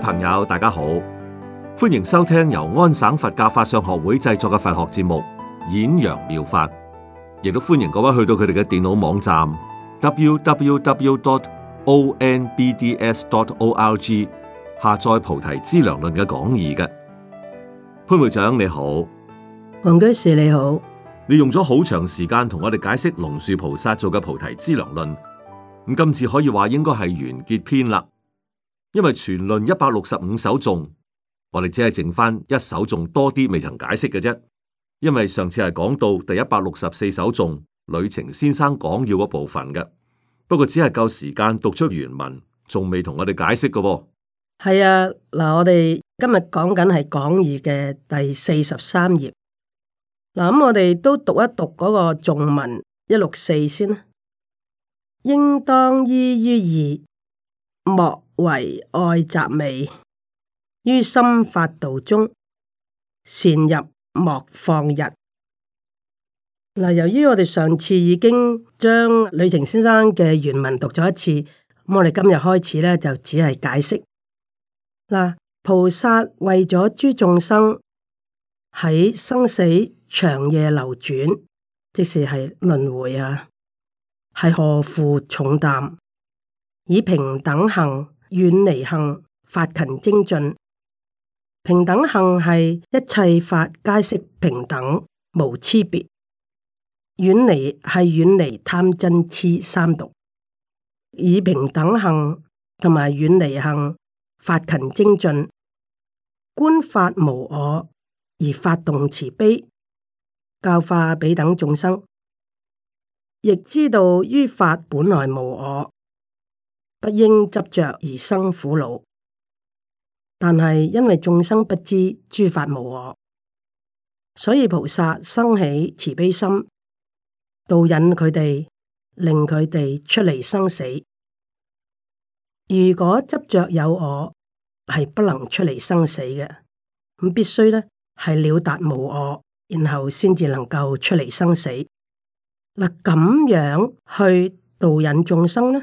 朋友，大家好，歡迎收聽由安省佛教法相學會製作嘅佛學節目《演揚妙，妙法》，亦都歡迎各位去到佢哋嘅電腦網站 www.dot.onbds.dot.org 下載菩《菩，菩提資糧論》嘅講義嘅。潘會長你好，黃居士你好，你用咗好長時間同我哋解釋龍樹菩薩做嘅《菩提資糧論》，咁今次可以話應該係完結篇啦。因為全論一百六十五首頌，我哋只係剩翻一首頌多啲未曾解釋嘅啫。因為上次係講到第一百六十四首頌，呂澂先生講要嗰部分嘅，不過只係夠時間讀出原文，仲未同我哋解釋嘅。係啊，嗱，我哋今日講緊係講義嘅第四十三頁。嗱，咁我哋都讀一讀嗰個頌文一六四先啦。應當依於二莫。為愛集美，於心法道中善入莫放逸。嗱，由於我哋上次已經將呂澂先生嘅原文讀咗一次，咁我哋今日開始咧就只係解釋。嗱，菩薩為咗諸眾生喺生死長夜流轉，即是係輪迴啊，係何負重擔？以平等行、遠離行發勤精進，平等行係一切法皆識平等，無差別。遠離係遠離貪嗔癡三毒，以平等行同埋遠離行發勤精進，觀法無我而發動慈悲教化彼等眾生，亦知道於法本來無我。不應執着而生苦惱，但係因為眾生不知諸法無我，所以菩薩生起慈悲心，導引佢哋，令佢哋出離生死。如果執着有我，係不能出離生死嘅，咁必須咧係了達無我，然後先至能夠出離生死。嗱，咁樣去導引眾生呢？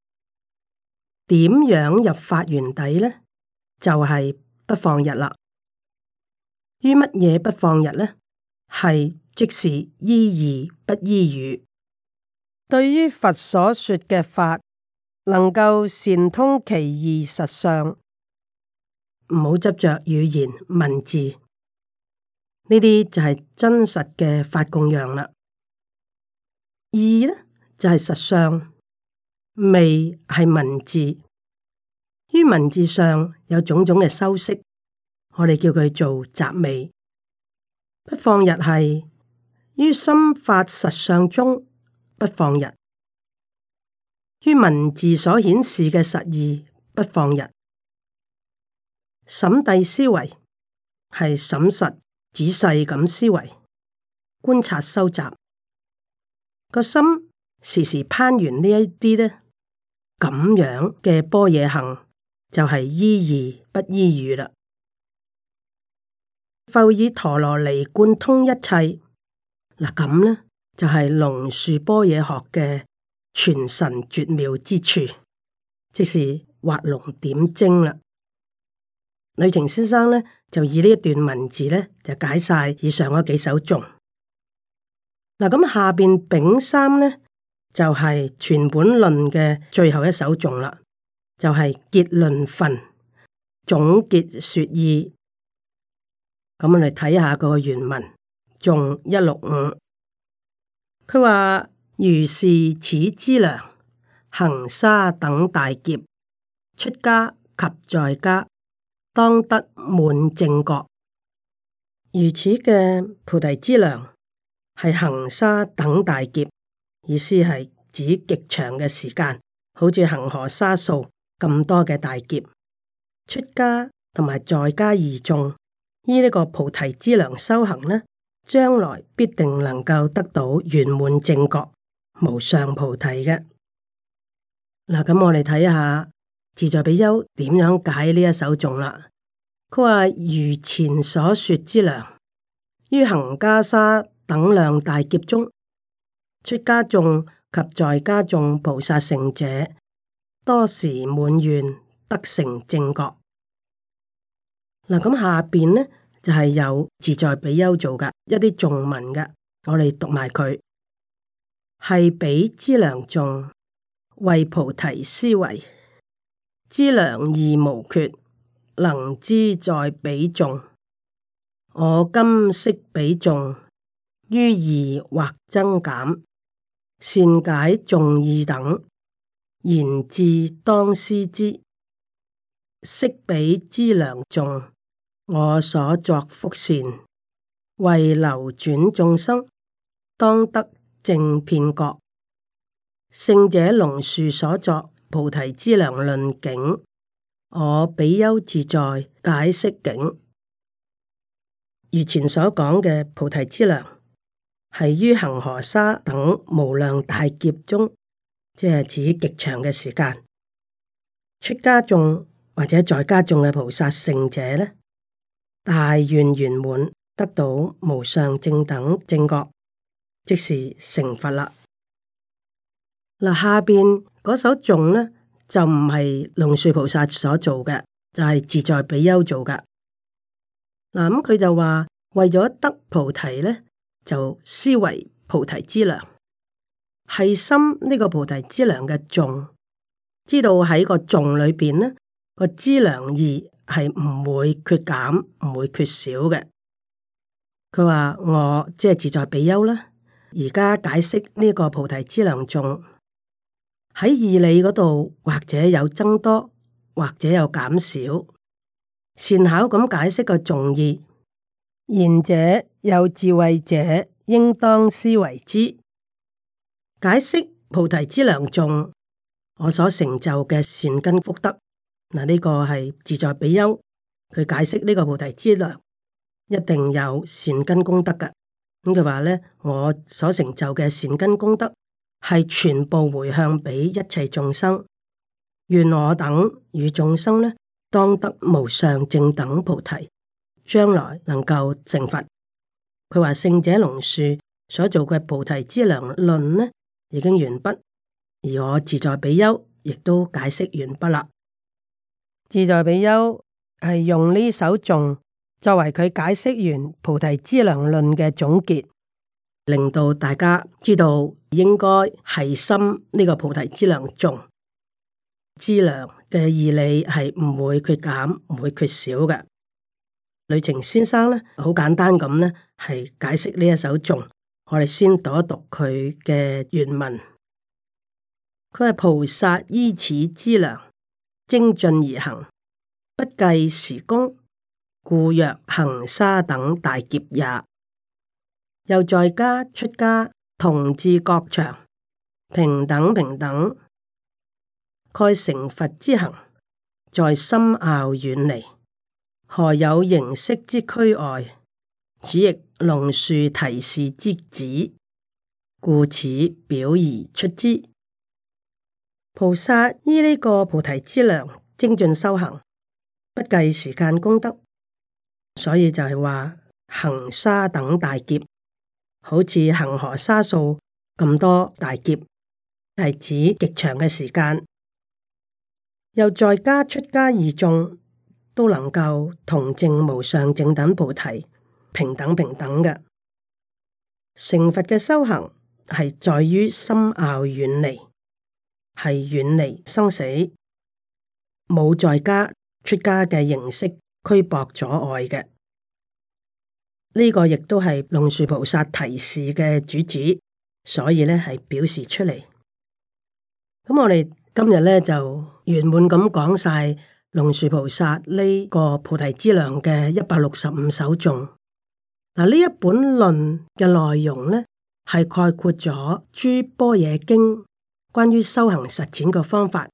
點樣入法源底呢？就係、是、不放日啦。於乜嘢不放日呢？係即是依義不依語。對於佛所說嘅法，能夠善通其義實相，唔好執着語言文字呢啲就係真實嘅法供養啦。義呢，就係、是、實相。味係文字，於文字上有種種嘅修飾，我哋叫佢做雜味。不放逸係於心法實相中不放逸，於文字所顯示嘅實義不放逸。審諦思維係審實仔細咁思維，觀察收集。個心時時攀緣呢一啲咧。咁樣嘅般若行就係、是，依義不依語啦。佛以陀羅尼貫通一切，嗱咁咧就係、是，龍樹般若學嘅全神絕妙之處，即是畫龍點睛啦。呂澄先生咧就以呢一段文字咧就解晒以上嗰幾首頌。嗱咁下邊丙三咧，就係全本論嘅最後一首頌啦，就係、是、結論份總結説義。咁我哋睇下個原文頌，一六五，佢話：如是此資糧，恒沙等大劫，出家及在家，當得滿正覺。如此嘅菩提資糧，係恒沙等大劫。意思係指極長嘅時間，好似恒河沙數咁多嘅大劫，出家同埋在家二眾，依呢個菩提之糧修行呢，將來必定能夠得到圓滿正覺，無上菩提嘅。嗱，咁我嚟睇下自在比丘點樣解呢一首頌啦。佢話如前所說之糧，於恒河沙等量大劫中。出家眾及在家眾菩薩成者，多時滿願得成正覺。嗱、啊，咁下邊呢就係、是、有自在比丘做嘅一啲眾文嘅，我哋讀埋佢。係比之良眾為菩提思維，知良義無缺，能知在比眾，我今識比眾於義或增減。善解眾義等言志當思之，釋彼資糧眾，我所作福善，為流轉眾生當得正遍覺。聖者龍樹所作菩提資糧論境，我比丘自在解釋境，如前所講嘅菩提資糧。係於恆河沙等無量大劫中，即係指極長嘅時間，出家眾或者在家眾嘅菩薩聖者呢，大願圓，圓滿得到無上正等正覺，即是成佛啦。嗱，下邊嗰首頌呢，就唔係龍樹菩薩所做嘅，就係、是、自在比丘做㗎。嗱，咁佢就話為咗得菩提呢？就思維菩提資糧係心呢個菩提資糧嘅重。知道喺個重裏邊呢個資糧義係唔會缺減，唔會缺少嘅。佢話我即係自在比丘啦，而家解釋呢個菩提資糧重，喺義理嗰度，或者有增多，或者有減少，善巧咁解釋個重義。賢者有智慧者，應當思為之解釋菩提資糧頌，我所成就嘅善根福德，嗱、這、呢個係自在比丘，佢解釋呢個菩提資糧一定有善根功德㗎。咁佢話咧，我所成就嘅善根功德係全部回向畀一切眾生，願我等與眾生呢，當得無上正等菩提。將來能夠成佛，佢話聖者龍樹所做嘅《菩提資糧論》呢，已經完畢，而我自在比丘亦都解釋完畢喇。自在比丘係用呢首頌作為佢解釋完《菩提資糧論》嘅總結，令到大家知道應該係心呢個菩提資糧頌，資糧嘅義理係唔會缺減，唔會缺少嘅。呂澂先生呢，好簡單咁呢係解釋呢一首頌。我哋先讀一讀佢嘅原文。佢係菩薩依此資糧精進而行，不計時功，故曰行沙等大劫也。又在家出家，同治各長平等平等，蓋成佛之行，在深奧遠離。何有形式之區外？此亦龍樹提示之旨，故此表而出之。菩薩依呢個菩提資糧，精進修行，不計時間功德，所以就係話行沙等大劫，好似恆河沙數咁多大劫，係指極長嘅時間。又在家出家二眾，都能夠同正無上正等菩提平等平等嘅。成佛嘅修行係在於深奧遠離，係遠離生死，冇在家出家嘅形式拘迫阻礙嘅。呢個亦都係龍樹菩薩提示嘅主旨，所以咧係表示出嚟。咁我哋今日咧就圓滿咁講晒。龍樹菩薩呢個菩提資糧嘅一百六十五首頌，嗱呢一本論嘅內容呢，係概括咗《諸般若經》關於修行實踐嘅方法，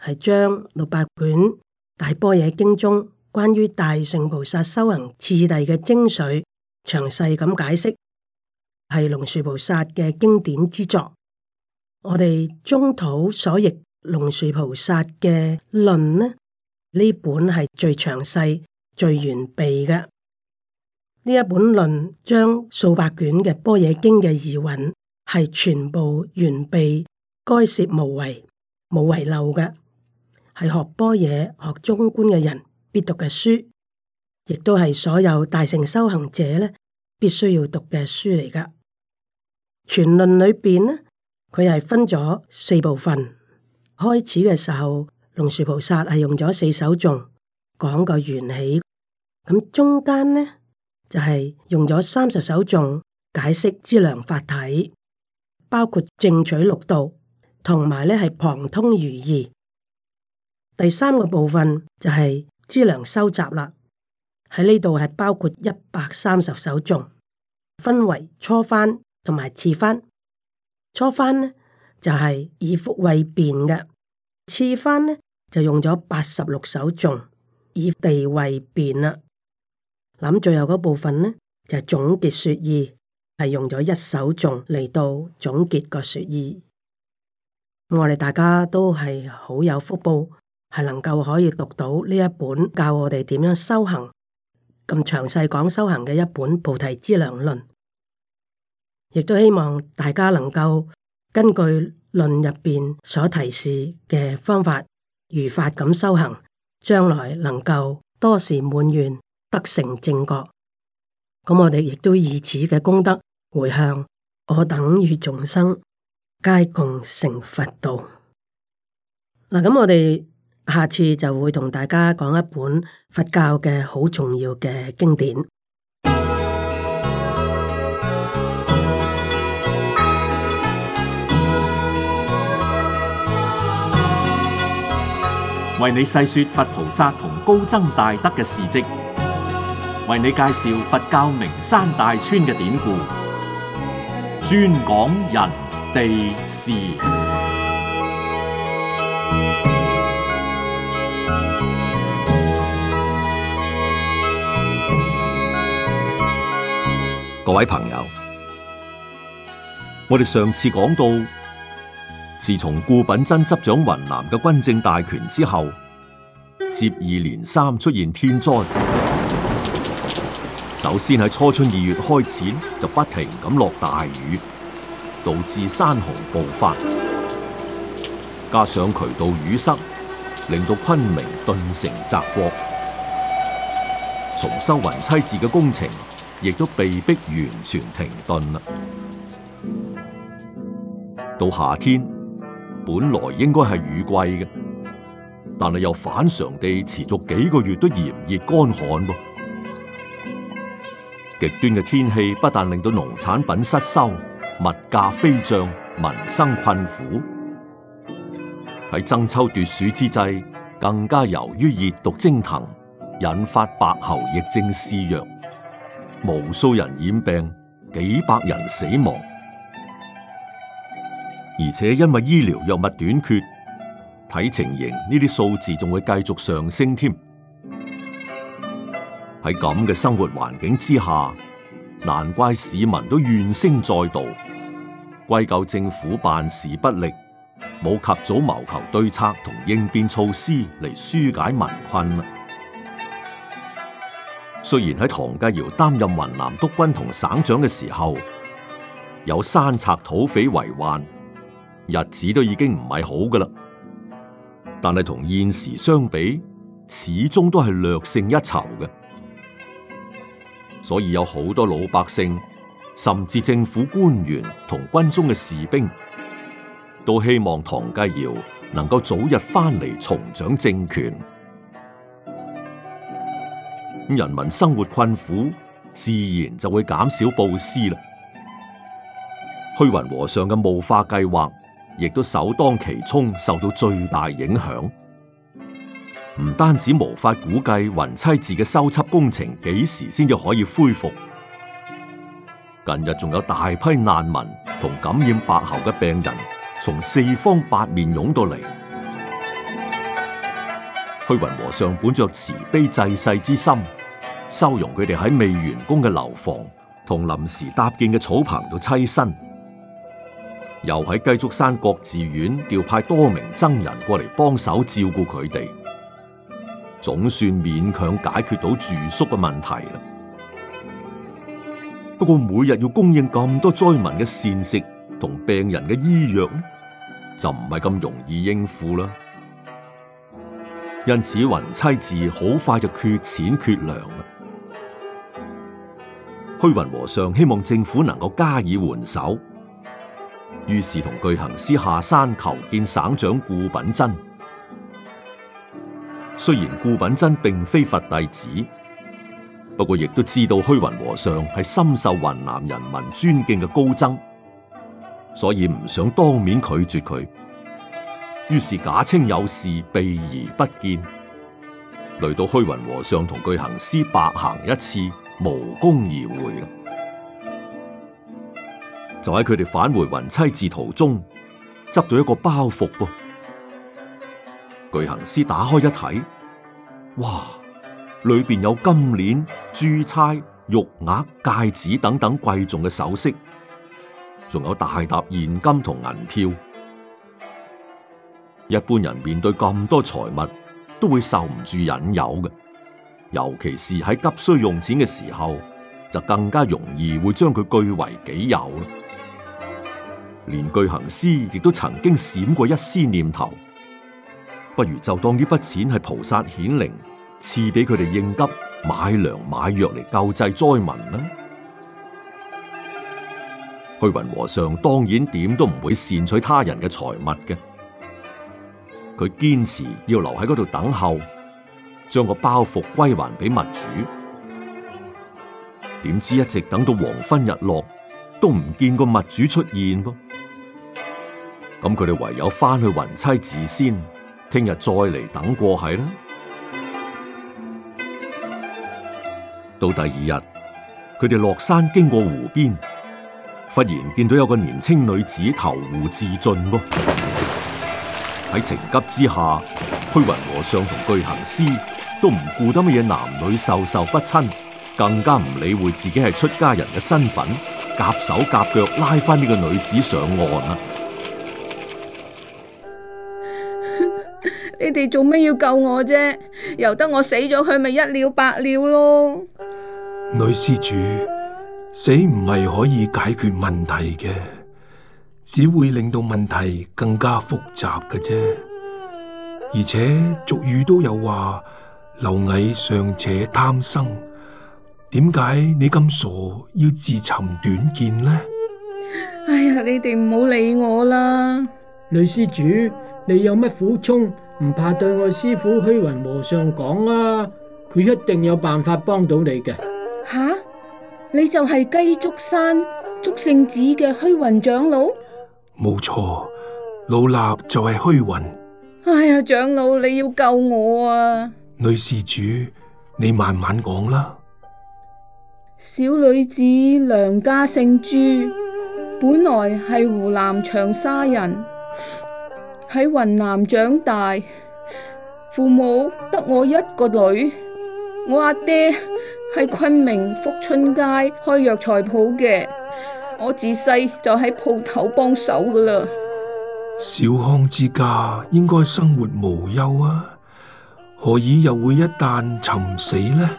係將六百卷《大般若經》中關於大乘菩薩修行次第嘅精髓詳細咁解釋，係龍樹菩薩嘅經典之作。我哋中土所譯。龍樹菩薩嘅論呢，呢本係最詳細、最完備嘅。呢一本論，將數百卷嘅般若經嘅疑雲係全部完備、該攝無遺、冇遺漏嘅，係學般若、學中觀嘅人必讀嘅書，亦都係所有大乘修行者咧必須要讀嘅書嚟噶。全論裏邊呢，佢係分咗四部分。開始嘅時候，龍樹菩薩係用咗四首頌講個緣起，咁中間呢就係、是、用咗三十首頌解釋資糧法體，包括正取六度同埋呢係旁通如義。第三個部分就係資糧收集啦，喺呢度係包括一百三十首頌，分為初翻同埋次翻，初翻就係以福為辯嘅，次番呢就用咗八十六首頌以地為辯啦。諗最後嗰部分呢就是、總結說義，係用咗一首頌嚟到總結個說義。我哋大家都係好有福報，係能夠可以讀到呢一本教我哋點樣修行咁詳細講修行嘅一本《菩提資糧論》，亦都希望大家能夠。根據論入面所提示嘅方法，如法咁修行，將來能夠多時滿願，得成正覺。咁我哋亦都以此嘅功德回向，我等與眾生皆共成佛道。嗱，咁我哋下次就會同大家講一本佛教嘅好重要嘅經典。為你細說佛菩薩同高僧大德嘅事跡，為你介紹佛教名山大川嘅典故，專講人地事。各位朋友，我哋上次講到。自從顧品珍執掌雲南嘅軍政大權之後，接二連三出現天災。首先喺初春二月開始，就不停咁落大雨，導致山洪暴發，加上渠道淤塞，令到昆明頓成澤國。重修雲棲寺嘅工程，亦都被迫完全停頓啦。到夏天。本來應該係雨季嘅，但係又反常地持續幾個月都炎熱乾旱喎，極端嘅天氣不但令到農產品失收、物價飛漲、民生困苦，喺爭秋奪暑之際，更加由於熱毒蒸騰，引發白喉疫症肆虐，無數人染病，幾百人死亡。而且因為醫療藥物短缺，睇情形呢啲數字仲會繼續上升添。喺咁嘅生活環境之下，難怪市民都怨聲載道，歸咎政府辦事不力，冇及早謀求對策同應變措施嚟紓解民困。雖然喺唐繼堯擔任雲南督軍同省長嘅時候，有山賊土匪為患。日子都已經唔係好噶啦，但係同現時相比，始終都係略勝一籌嘅。所以有好多老百姓，甚至政府官員同軍中嘅士兵，都希望唐繼堯能夠早日翻嚟，重掌政權。人民生活困苦，自然就會減少布施啦。虛雲和尚嘅霧化計劃亦都首當其衝受到最大影響，唔單止無法估計雲棲寺嘅修葺工程幾時先至可以恢復，近日仲有大批難民同感染白喉嘅病人從四方八面湧到嚟，虛雲和尚本着慈悲濟世之心，收容佢哋喺未完工嘅樓房同臨時搭建嘅草棚度棲身。又喺雞足山各寺院調派多名僧人過嚟幫手照顧佢哋，總算勉強解決到住宿嘅問題啦。不過每日要供應咁多災民嘅膳食同病人嘅醫藥，就唔係咁容易應付啦。因此雲棲寺好快就缺錢缺糧啦。虛雲和尚希望政府能夠加以援手。於是同具行師下山求見省長顧品珍。雖然顧品珍並非佛弟子，不過亦都知道虛雲和尚係深受雲南人民尊敬嘅高僧，所以唔想當面拒絕佢。於是假稱有事避而不見，累到虛雲和尚同具行師白行一次，無功而回。就喺佢哋返回雲棲寺途中，執到一個包袱噃。具行師打開一睇，哇！裏邊有金鏈、珠釵、玉鐲、戒指等等貴重嘅首飾，仲有大沓現金同銀票。一般人面對咁多財物，都會受唔住引誘嘅，尤其是喺急需用錢嘅時候，就更加容易會將佢據為己有。連具行師亦都曾經閃過一絲念頭，不如就當呢筆錢係菩薩顯靈賜俾佢哋應急買糧買藥嚟救濟災民啦。虛雲和尚當然點都唔會擅取他人嘅財物嘅，佢堅持要留喺嗰度等候，將個包袱歸還俾物主。點知一直等到黃昏日落，都唔見個物主出現噃。咁佢哋唯有翻去雲棲寺先，聽日再嚟等過係啦。到第二日，佢哋落山經過湖邊，忽然見到有個年輕女子投湖自盡喎。喺情急之下，虛雲和尚同巨行師都唔顧得乜嘢男女授受不親，更加唔理會自己係出家人嘅身份，夾手夾腳拉翻呢個女子上岸啦。你哋做咩要救我啫？由得我死咗佢，咪一了百了咯！女施主，死唔係可以解決問題嘅，只會令到問題更加複雜嘅啫。而且俗語都有話：螻蟻尚且貪生，點解你咁傻要自尋短見呢？哎呀，你哋唔好理我啦！女施主。你有乜苦衷唔怕對我師父虛雲和尚講啊，佢一定有辦法幫到你嘅。吓、啊，你就係雞足山祝聖寺嘅虛雲長老？冇錯，老衲就係虛雲。哎呀，長老你要救我啊！女施主，你慢慢講啦。小女子娘家姓朱，本來係湖南長沙人。喺雲南長大，父母得我一個女，我阿爹喺昆明福春街開藥材鋪嘅，我自細就喺鋪頭幫手噶啦。小康之家應該生活無憂啊，何以又會一旦尋死呢？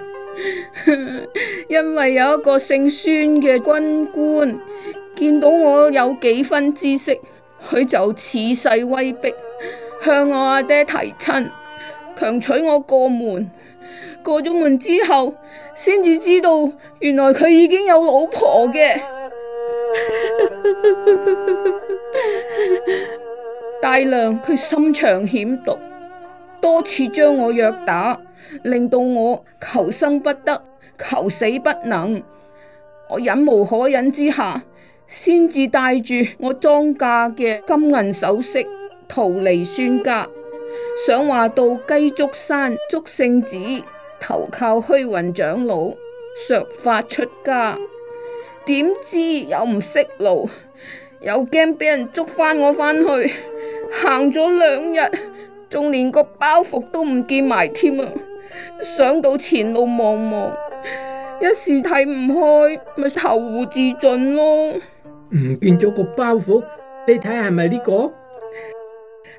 因為有一個姓孫嘅軍官見到我有幾分知識。佢就恃勢威逼向我阿爹，爹提親，強娶我過門。過咗門之後，先至知道原來佢已經有老婆嘅。 大娘，佢心腸險毒，多次將我虐打，令到我求生不得，求死不能。我忍無可忍之下。先至帶住我妝嫁嘅金銀首飾逃離孫家，想話到雞足山祝聖寺投靠虛雲長老削髮出家，點知又唔識路，又驚俾人捉返我返去，行咗兩日仲連個包袱都唔見埋添啊！想到前路茫茫，一時睇唔開咪投湖自盡咯～唔見咗個包袱，你睇下係咪呢個？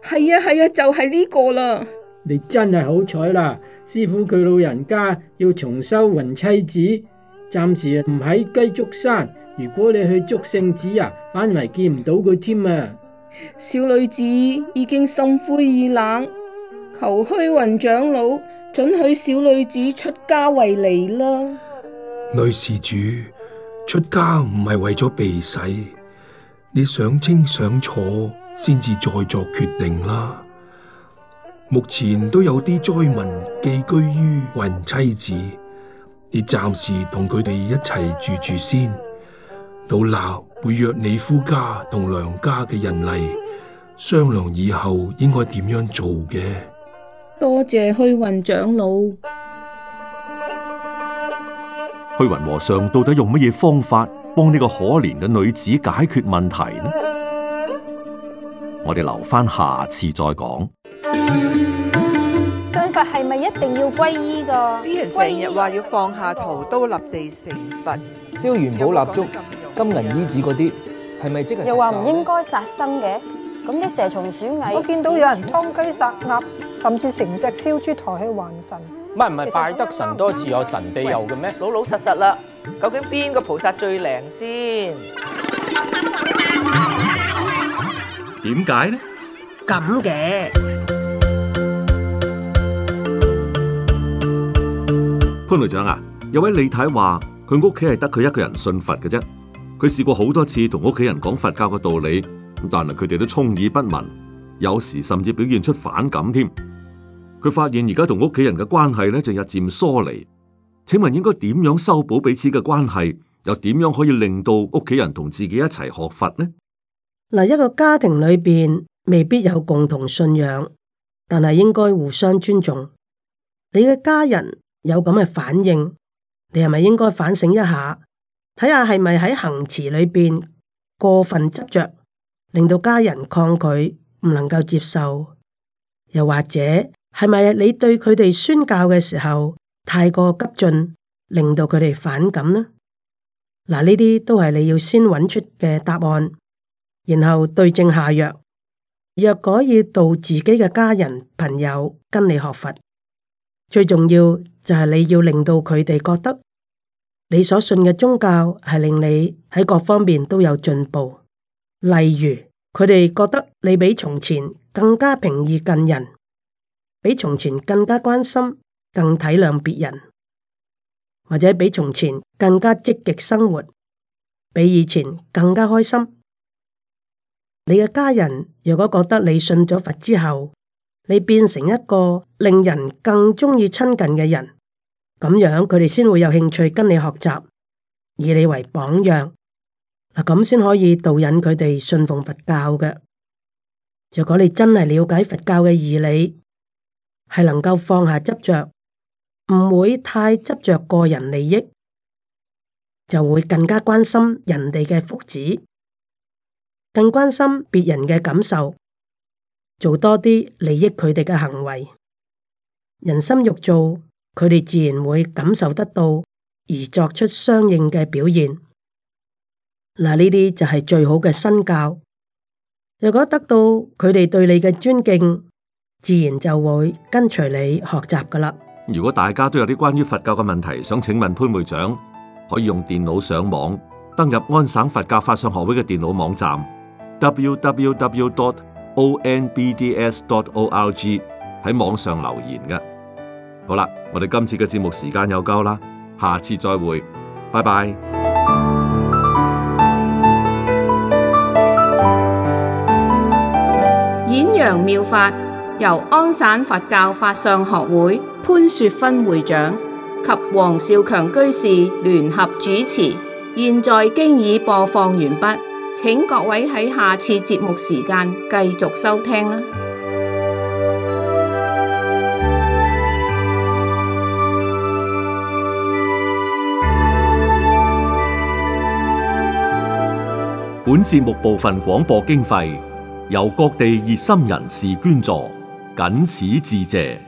係啊係啊，就係、是、呢個啦。你真係好彩啦，師傅佢老人家要重修雲棲寺，暫時唔喺雞足山。如果你去捉聖子啊，反而見唔到佢添啊。小女子已經心灰意冷，求虛雲長老准許小女子出家為尼啦。女施主。出家唔係為咗避世，你想清想楚先至再作決定啦。目前都有啲災民寄居於雲棲寺，你暫時同佢哋一齊住住先。到臘會約你夫家同娘家嘅人嚟商量以後應該點樣做嘅。多謝虛雲長老。虛雲和尚到底用乜嘢方法幫呢個可憐嘅女子解決問題呢？呃、我哋留翻下，下次再講。信佛係咪一定要皈依噶？啲人成日話要放下屠刀立地成佛，燒元寶蠟燭、金銀衣紙嗰啲，係咪即係？又話唔應該殺生嘅，咁啲蛇蟲鼠蟻，我見到有人劏雞殺鴨，甚至成隻燒豬抬去還神。乜唔係拜得神多次有神庇佑嘅咩？老老實實啦，究竟邊個菩薩最靈先？點解呢？咁嘅潘隊長啊，有位李太話佢屋企係得佢一個人信佛嘅啫，佢試過好多次同屋企人講佛教嘅道理，咁但係佢哋都充耳不聞，有時甚至表現出反感添。佢發現而家同屋企人嘅關係咧，就日漸疏離。請問應該點樣修補彼此嘅關係？又點樣可以令到屋企人同自己一齊學佛呢？嗱，一個家庭裏邊未必有共同信仰，但係應該互相尊重。你嘅家人有咁嘅反應，你係咪應該反省一下？睇下係咪喺行持裏邊過分執着，令到家人抗拒唔能夠接受，又或者，係咪你對佢哋宣教嘅時候太過急進，令到佢哋反感呢？嗱，呢啲都係你要先揾出嘅答案，然後對症下藥。若果要度自己嘅家人朋友跟你學佛，最重要就係你要令到佢哋覺得你所信嘅宗教係令你喺各方面都有進步，例如佢哋覺得你比從前更加平易近人。比從前更加關心、更體諒別人，或者比從前更加積極生活，比以前更加開心。你嘅家人如果覺得你信咗佛之後，你變成一個令人更鍾意親近嘅人，咁樣佢哋先會有興趣跟你學習，以你為榜樣，嗱，咁先可以導引佢哋信奉佛教嘅。如果你真係了解佛教嘅義理，係能夠放下執着，唔會太執着個人利益，就會更加關心人哋嘅福祉，更關心別人嘅感受，做多啲利益佢哋嘅行為，人心肉做，佢哋自然會感受得到，而作出相應嘅表現。嗱，呢啲就係最好嘅身教。若果得到佢哋對你嘅尊敬。自然就會跟隨你學習噶啦。如果大家都有啲關於佛教嘅問題，想請問潘會長，可以用電腦上網登入安省佛教法相學會嘅電腦網站 www.dot.onbds.dot.org，喺網上留言嘅。好啦，我哋今次嘅節目時間又夠啦，下次再會，拜拜。演揚妙法。由安省佛教法相學會潘雪芬會長及黃少強居士聯合主持，現在經已播放完畢，請各位喺下次節目時間繼續收聽啦。本節目部分廣播經費由各地熱心人士捐助。僅此致謝。